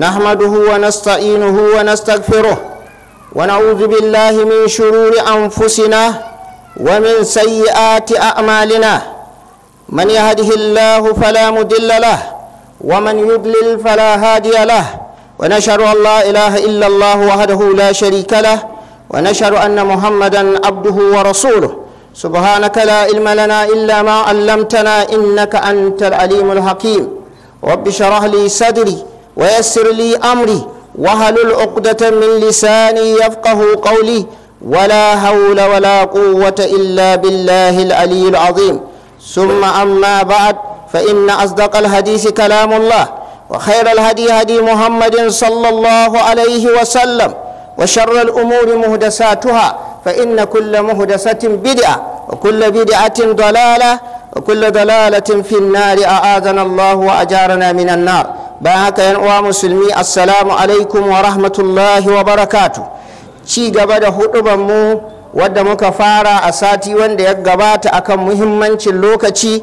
نحمده ونستعينه ونستغفره ونعوذ بالله من شرور أنفسنا ومن سيئات أعمالنا من يهده الله فلا مضل له ومن يضلل فلا هادي له ونشهد أن لا إله إلا الله وحده لا شريك له ونشهد أن محمدا عبده ورسوله سبحانك لا علم لنا إلا ما علمتنا إنك أنت العليم الحكيم رب اشرح لي صدري ويسر لي أمري وهل العقدة من لساني يفقه قولي ولا هول ولا قوة إلا بالله العلي العظيم ثم أما بعد فإن أصدق الحديث كلام الله وخير الهدي هدي محمد صلى الله عليه وسلم وشر الأمور مهدساتها فإن كل مهدسة بدعة wa kulla bidi a tin dalala wa kulla dalala tin fin na ri a adana Allah a jara na minan na bayan haka yan uwa musulmi assalamu alaikum wa rahmatullahi wa barakatu ci gaba da hudu mu wadda muka fara a sati wanda ya gabata a kan muhimmancin lokaci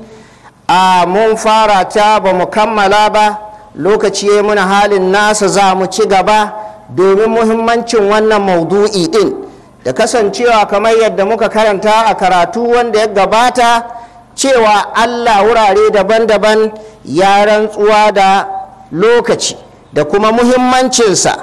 a mun fara ta ba mu kammala ba lokaci ya yi muna halin nasa za mu ci gaba domin muhimmancin wannan maudu'i ɗin. da kasancewa kamar yadda muka karanta a karatu wanda ya gabata cewa allah wurare daban-daban ya rantsuwa da lokaci da kuma muhimmancinsa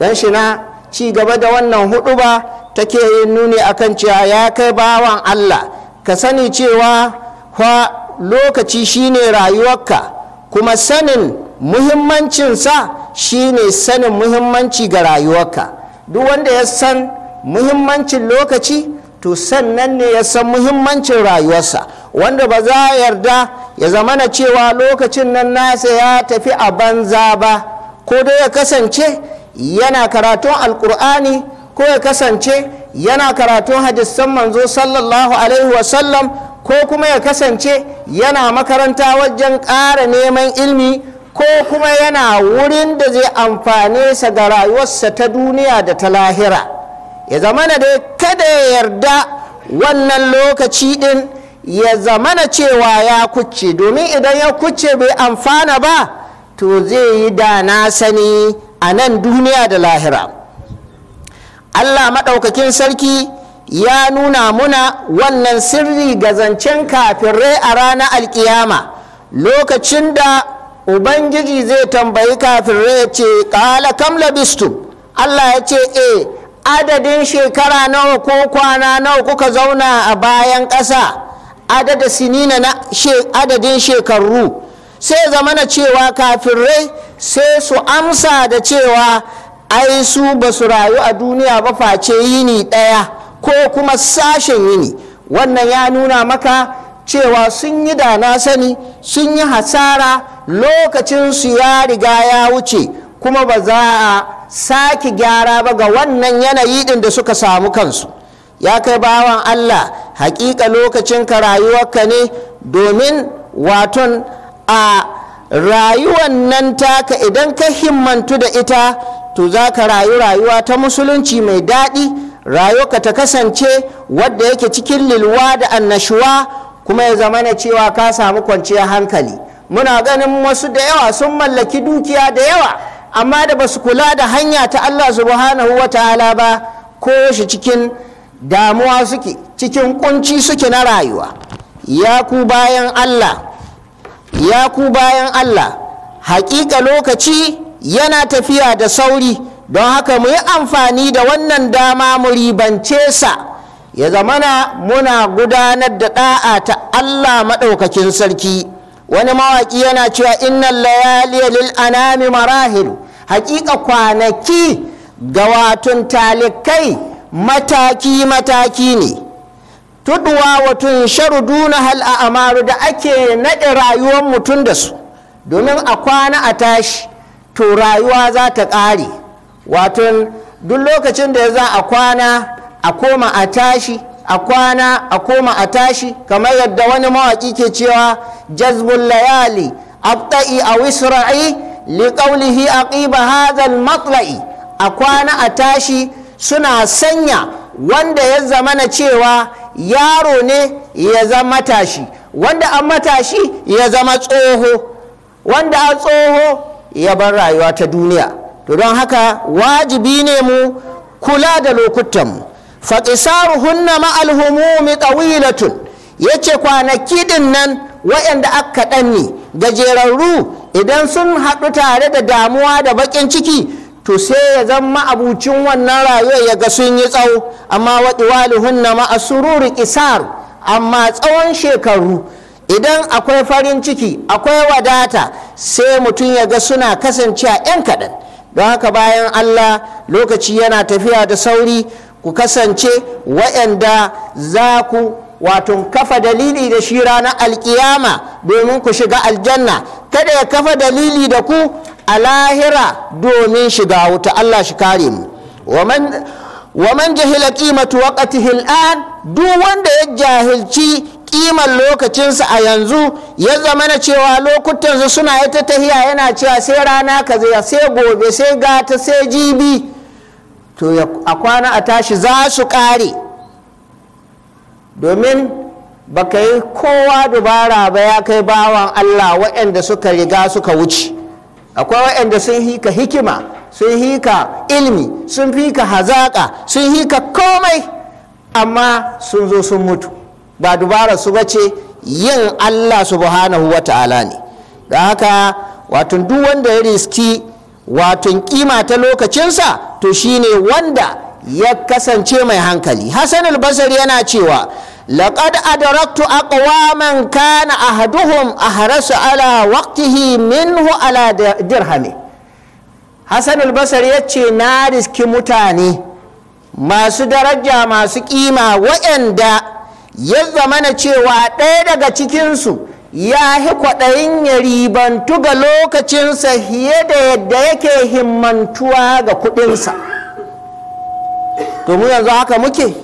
don shi na ci gaba da wannan huɗuba take yin nuni akan cewa ya kai bawan allah ka sani cewa fa lokaci shine rayuwarka kuma sanin muhimmancinsa shine sanin muhimmanci ga rayuwarka duk wanda ya san muhimmancin lokaci to sannan ne ya san muhimmancin rayuwarsa wanda ba za a yarda ya zama na cewa lokacin nan nasa ya tafi a banza ba ko dai ya kasance yana karatun alkur'ani ko ya kasance yana karatun hadisan manzo sallallahu alaihi wasallam ko kuma ya kasance yana makaranta wajen ƙara neman ilmi ko kuma yana wurin da zai amfane sa ga rayuwarsa ta duniya da ta lahira. ya zamana dai kada ya yarda wannan lokaci din ya zamana cewa ya kuce domin idan ya kuce bai amfana ba to zai yi da na sani a nan duniya da lahira allah maɗaukakin sarki ya nuna muna wannan sirri ga zancen kafirai a ranar alkiyama lokacin da ubangiji zai tambayi kafirai ce ƙala kam labistu allah ya ce eh adadin shekara nawa ko kwana nawa kuka zauna a bayan ƙasa adada sinina na adadin shekaru sai zamana cewa kafin rai sai su amsa da cewa ai su ba su rayu a duniya ba face yini ɗaya ko kuma sashen yini wannan ya nuna maka cewa sun yi da na sani sun yi hasara lokacinsu ya riga ya wuce kuma ba za a sake gyara ba ga wannan yanayi din da suka samu kansu ya kai bawan Allah hakika lokacin rayuwar rayuwarka ne domin waton a rayuwan nan taka idan ka himmantu da ita to za ka rayu rayuwa ta musulunci mai daɗi rayuwarka ta kasance wadda yake cikin lilwa da annashuwa kuma ya zama na cewa ka samu kwanciyar hankali muna ganin wasu da yawa sun mallaki dukiya da yawa amma da basu kula da hanya ta Allah subhanahu wa ta'ala ba ko shi cikin damuwa suke cikin kunci suke na rayuwa ya ku bayan Allah ya ku bayan Allah hakika lokaci yana tafiya da sauri don haka mu yi amfani da wannan dama mu ribance sa ya zamana muna gudanar da ɗa'a ta Allah maɗaukakin sarki wani mawaƙi yana cewa innan layaliya lil anami marahilu hakika kwanaki ga watun talikai mataki-mataki ne tuduwa watun sharuduna hal a amaru da ake naɗe rayuwar mutum da su domin a kwana a tashi to rayuwa za ta ƙare watun duk lokacin da za a kwana a koma a tashi a kwana a koma a tashi kamar yadda wani mawaƙi ke cewa jazbul layali abta'i a wisra'i liƙaulihi a ƙiba hazal matla'i a kwana a tashi suna sanya wanda ya zama na cewa yaro ne ya zama matashi wanda an matashi ya zama tsoho wanda an tsoho ya bar rayuwa ta duniya to don haka wajibi ne mu kula da lokutanmu mu ma'alhumumi tsawilatun ya ce kwanaki ɗin nan waɗanda aka ɗanni gajerarru idan sun haɗu tare da damuwa da baƙin ciki to sai ya zama abucin wannan rayuwar ya ga sun yi tsawo amma waɗi walihun na a isar amma tsawon shekaru idan akwai farin ciki akwai wadata sai mutum ya ga suna kasance a 'yan kaɗan don haka bayan allah lokaci yana tafiya da sauri ku kasance waɗanda za ku wato kafa dalili da shi ranar alkiyama domin ku shiga aljanna kada ya kafa dalili da ku a lahira domin shiga wuta Allah shi kare mu wa man jahila qimatu waqtihi al'an duk wanda ya jahilci kiman lokacinsa a yanzu ya zama na cewa lokutansu suna ita tahiya yana cewa sai rana kaza sai gobe sai gata sai jibi to a kwana a tashi za su kare domin Ba ka yi kowa dubara ba ya kai bawan Allah waɗanda suka riga suka wuce akwai waɗanda sun hika hikima sun hika ilmi sun hika hazaƙa sun hika komai amma sun zo sun mutu ba dubara su ba ce yin Allah subhanahu wa ta'ala ne da haka watan duk wanda ya riski watan kima ta lokacinsa to shi ne wanda ya kasance mai hankali hassan albasar yana cewa لقد أدركت أقواما كان أحدهم أحرص على وقته منه على درهمه ya ce يتشي نارس كمتاني ما درجة ما قيمة وإن دا يزمن cewa ɗaya daga cikinsu ya yi kwaɗayin ya ribantu ga lokacinsa fiye da yadda yake himmantuwa ga kuɗinsa to mu yanzu haka muke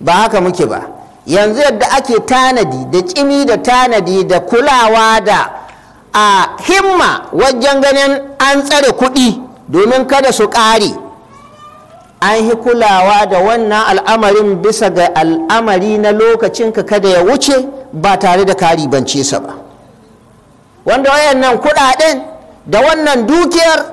ba haka muke ba yanzu yadda ake tanadi da kimi da tanadi da kulawa da a himma wajen ganin an tsare kuɗi domin kada su ƙare an yi kulawa da wannan al'amarin bisa ga al'amari na lokacinka kada ya wuce ba tare da kari bance sa ba wanda wayannan kuɗaɗen da wannan dukiyar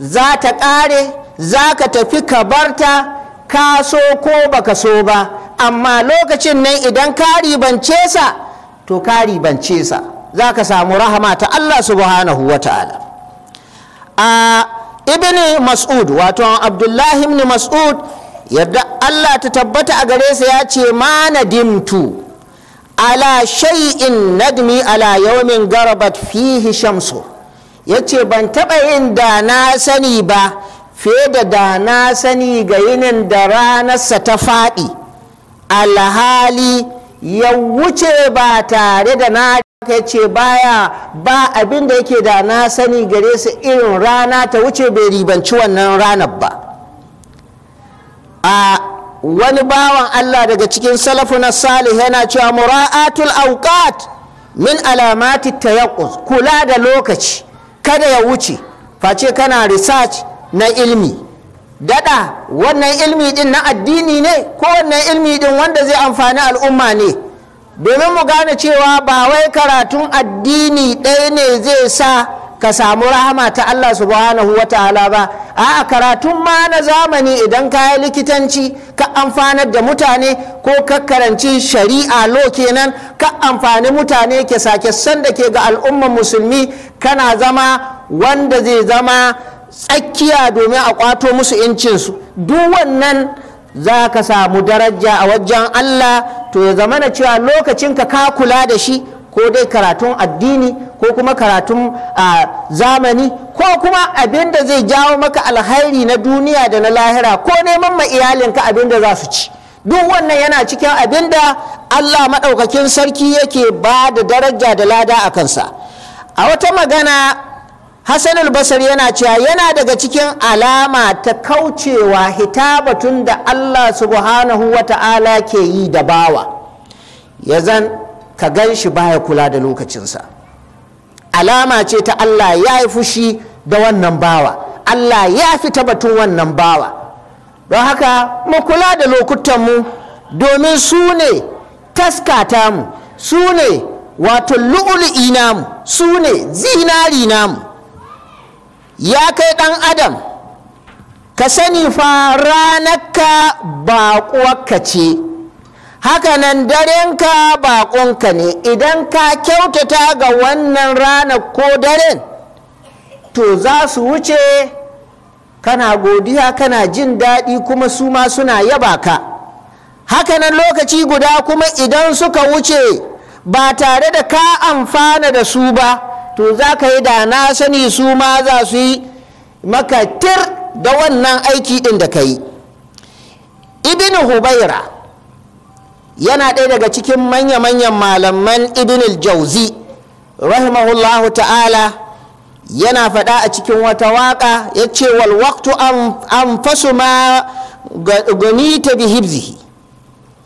za ta ƙare za ka tafi ka barta ka so ko baka so ba amma lokacin nan idan ka ribance sa to ka ribance sa za ka samu rahama ta Allah subhanahu wa ta'ala a ibn mas'ud wato abdullahi ibn mas'ud yadda Allah ta tabbata a gare sa ya ce ma nadimtu ala shay'in nadmi ala yawmin garabat fihi shamsu yace ban taba yin da na sani ba fiye da da na sani ga yinin da ranarsa ta faɗi alhali ya wuce ba tare da na ka ce baya ba abin da yake da na sani gare su irin rana ta wuce bai ribanci wannan ranar ba a wani bawan Allah daga cikin salafu na salih yana cewa mura'atul auqat min alamati tayaqquz kula da lokaci kada ya wuce face kana research na ilmi Dada, wannan ilmi din na addini ne ko wannan ilmi din wanda zai amfani al'umma ne domin mu gane cewa ba wai karatun addini ɗaya ne zai sa ka samu rahama ta Allah subhanahu wa ta'ala ba a karatun ma na zamani idan ka yi likitanci ka amfanar da mutane ko ka karanci shari'a lo kenan ka amfani mutane ke sake san da ke ga al'ummar musulmi kana zama wanda zai zama tsakiya domin a kwato musu incinsu duk wannan za ka samu daraja a wajen Allah to ya zama na cewa lokacin ka ka kula da shi ko dai karatun addini ko kuma karatun a zamani ko kuma abin da zai jawo maka alhairi na duniya da na lahira ko neman ma iyalinka abin da za su ci duk wannan yana cikin abin da Allah maɗaukakin sarki yake ba da daraja da lada a kansa a wata magana hassan basar yana cewa yana daga cikin alama ta kaucewa hitabatun da allah subhanahu wa ta'ala ke yi da bawa ya zan ka gan shi baya kula da lokacinsa alama ce ta allah ya yi fushi da wannan bawa allah ya fi batun wannan bawa don haka mu kula da lokutanmu domin su ne taskata mu su ne wato lu'ulu'i mu, su ne zinari namu ya kai ɗan adam ka sani fa ranarka baƙuwarka ce hakanan darenka baƙonka ne idan ka kyautata ga wannan ranar ko daren to za su wuce kana godiya kana jin daɗi kuma su ma suna yaba ka hakanan lokaci guda kuma idan suka wuce ba tare da ka amfana da su ba to za ka yi da na sani su ma za su yi makatir da wannan aiki ɗin da ka yi ibn hubaira yana ɗaya daga cikin manya-manyan malaman ibn jauzi rahimahullahu ta'ala yana faɗa a cikin wata waƙa ya ce walwaktu an fasu ma gani ta bi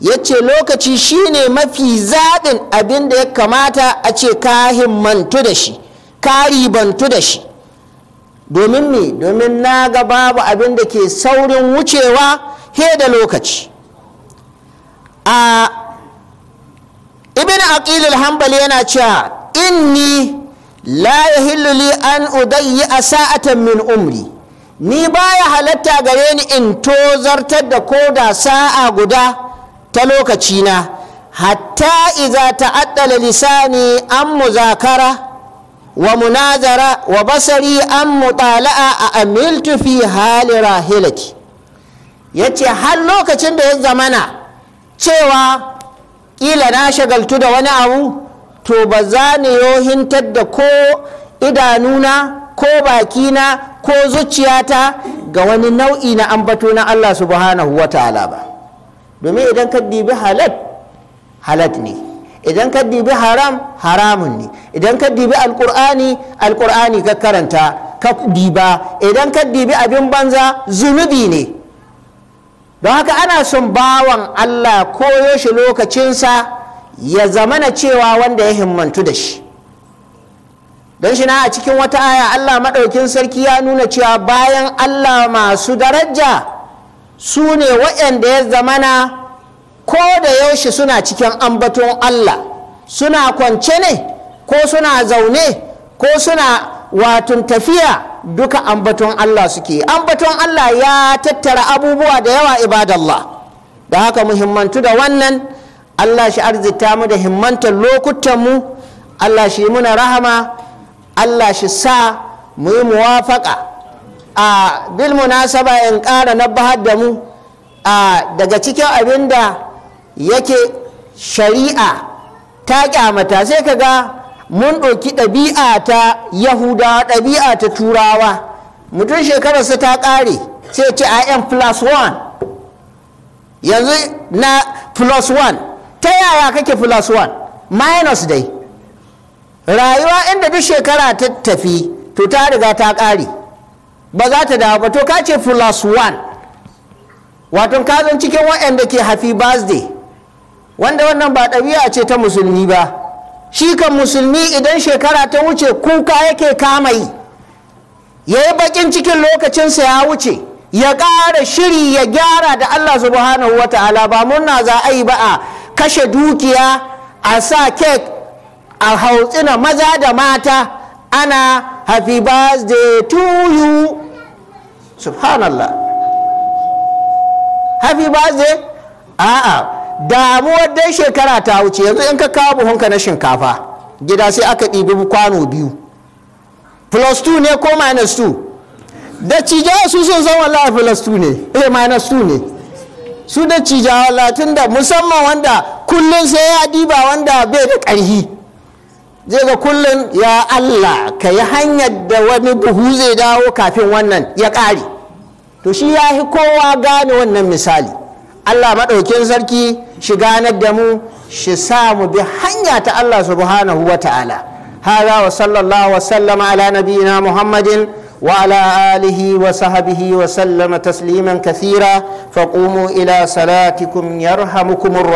ya ce lokaci shine mafi zaɓin abin da ya kamata a ce ka himmantu da shi ka ribantu da shi domin me domin na ga babu abin da ke saurin wucewa he da lokaci a ibn aqilul hanbali yana cewa inni la yahillu li an udayyi a sa'atan min umri ni baya halatta gare ni in tozartar da ko da sa'a guda ta lokaci na hatta iza ta'addala lisani an muzakara wa munazara wa basari an mutala'a a amiltu fi hali rahilati ya ce har lokacin da ya zamana cewa ƙila na shagaltu da wani abu to ba za ni yohintar da ko idanuna ko bakina ko zuciyata ga wani nau'i na ambato na Allah subhanahu wa ta'ala ba domin idan ka dibi halat halat ne idan ka dibi haram haramun ne idan ka dibi alkur'ani alkur'ani ka karanta ka diba idan ka dibi abin banza zunubi ne don haka ana son bawan allah koyo shi lokacinsa ya zamana cewa wanda ya himmantu da shi don shi na a cikin wata aya allah maɗaukin sarki ya nuna cewa bayan allah masu daraja su ne waɗanda ya zamana ko da yaushe suna cikin ambaton Allah suna kwance ne ko suna zaune ko suna watun tafiya duka ambaton Allah suke ambaton Allah ya tattara abubuwa da yawa ibadallah da haka muhimmantu da wannan Allah shi arzita mu da himmantar lokutanmu Allah shi muna rahama Allah shi sa mu yi muwafaka. a bilmunasaba munasaba in ƙara na bahar da mu a daga cikin abin da yake shari'a ta kyamata sai ka ga mun ɗauki ɗabi'a ta yahudawa ɗabi'a ta turawa mutum shekararsa ta ƙare sai ce am plus one yanzu na plus one ta yaya kake plus one minus dai rayuwa inda duk shekara ta tafi to ta riga ta ƙare ba za ta dawo ba to ka ce plus one wato ka zan cikin waɗanda ke Hafi birthday wanda wannan ba ɗabi'a ce ta musulmi ba shi kan musulmi idan shekara ta wuce kuka yake kama yi ya yi baƙin cikin lokacinsa ya wuce ya ƙara shiri ya gyara da Allah subhanahu wa ta'ala ba murna za a yi ba a kashe dukiya a sa kek a hautsina maza da mata ana happy birthday to you subhanallah happy birthday a'a damuwar dai shekara ta wuce yanzu in ka kawo buhunka na shinkafa gida sai aka ɗibi kwano biyu plus 2 ne ko minus 2 da cijawa su sun san wallahi plus 2 ne eh minus 2 ne su da cijawa latin da musamman wanda kullum sai ya diba wanda bai da ƙarhi zai ga kullum ya Allah ka yi hanyar da wani buhu zai dawo kafin wannan ya ƙare to shi ya yi kowa gane wannan misali Allah maɗaukin sarki shi ganar da mu shi sa mu bi hanya ta Allah subhanahu wa ta'ala hada wa sallallahu wa sallama ala nabina muhammadin wa ala alihi wa sahabihi wa sallama tasliman kathira faqumu ila salatikum yarhamukumur